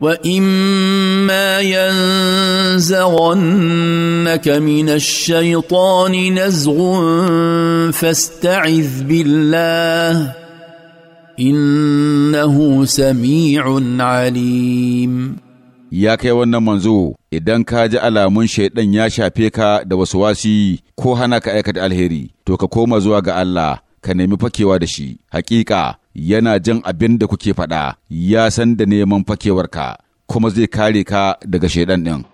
واما ينزغنك من الشيطان نزغ فاستعذ بالله انه سميع عليم ya kai wannan manzo idan ka ji alamun shaidan ya shafe ka da wasu wasi ko hana ka aikata alheri to ka koma zuwa ga Allah ka nemi fakewa da shi hakika yana jin abin da kuke faɗa, ya san da neman fakewarka, kuma zai kare ka daga shaidan ɗin.